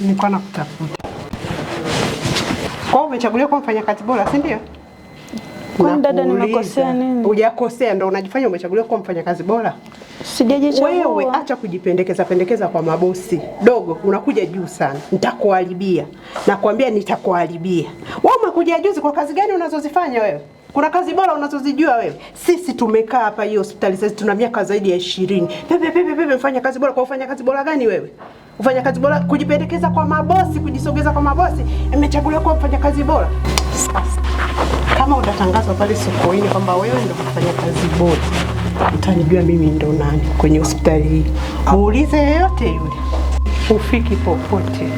nilikuwa nakutafuta. Kwa umechaguliwa kuwa mfanyakazi bora, si ndio? Kwani dada, nimekosea nini? Hujakosea, ndo unajifanya umechaguliwa kuwa mfanyakazi bora. Sijajichagua. Wewe acha kujipendekeza pendekeza kwa mabosi. Dogo, unakuja juu sana, nitakuharibia. Nakwambia nitakuharibia. Wewe umekuja juzi, kwa kazi gani unazozifanya wewe? Kuna kazi bora unazozijua wewe? Sisi tumekaa hapa hii hospitali sasa tuna miaka zaidi ya ishirini. Pepe pepe pepe mfanya kazi bora kwa ufanya kazi bora gani wewe? Ufanya kazi bora kujipendekeza kwa mabosi, kujisogeza kwa mabosi, imechaguliwa kuwa mfanya kazi bora. Kama utatangazwa pale sokoni kwamba wewe ndio mfanya kazi bora, utanijua mimi ndo nani kwenye hospitali hii. Muulize yeyote yule. Hufiki popote.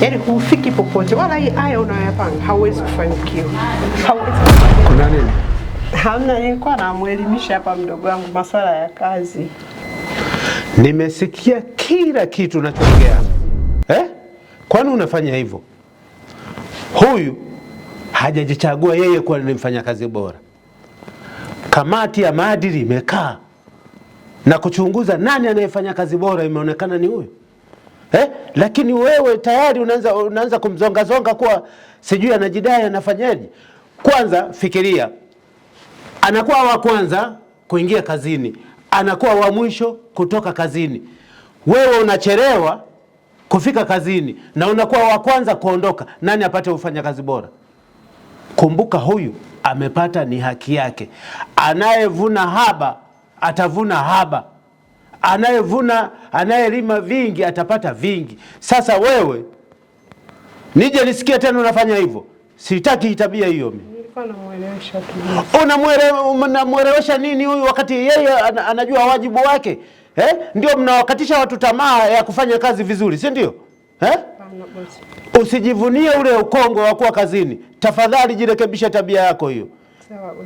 Yaani hufiki popote. Wala hii haya unayoyapanga hauwezi kufanikiwa. Hauwezi. Kuna Hamna, nilikuwa namwelimisha hapa mdogo wangu masuala ya kazi. Nimesikia kila kitu unachoongea eh? Kwani unafanya hivyo? Huyu hajajichagua yeye kuwa ni mfanyakazi bora. Kamati ya maadili imekaa na kuchunguza nani anayefanya kazi bora, imeonekana ni huyu eh? Lakini wewe tayari unaanza unaanza kumzongazonga kuwa sijui anajidai anafanyaje. Kwanza fikiria anakuwa wa kwanza kuingia kazini, anakuwa wa mwisho kutoka kazini. Wewe unachelewa kufika kazini na unakuwa wa kwanza kuondoka. Nani apate ufanyakazi bora? Kumbuka huyu amepata ni haki yake. Anayevuna haba atavuna haba, anayevuna anayelima vingi atapata vingi. Sasa wewe nije nisikie tena unafanya hivyo, sitaki tabia hiyo mimi unamwelewesha nini huyu wakati yeye anajua wajibu wake eh? Ndio mnawakatisha watu tamaa ya kufanya kazi vizuri, si ndio eh? Usijivunie ule ukongwe wa kuwa kazini. Tafadhali jirekebisha tabia yako hiyo,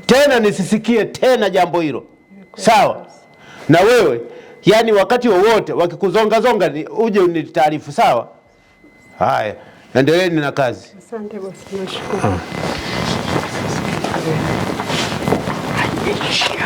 tena nisisikie tena jambo hilo, sawa na wewe yani wakati wowote wakikuzongazonga ni uje unitaarifu, sawa? Haya, endeleni na kazi. Asante bosi, nashukuru. Ah. はい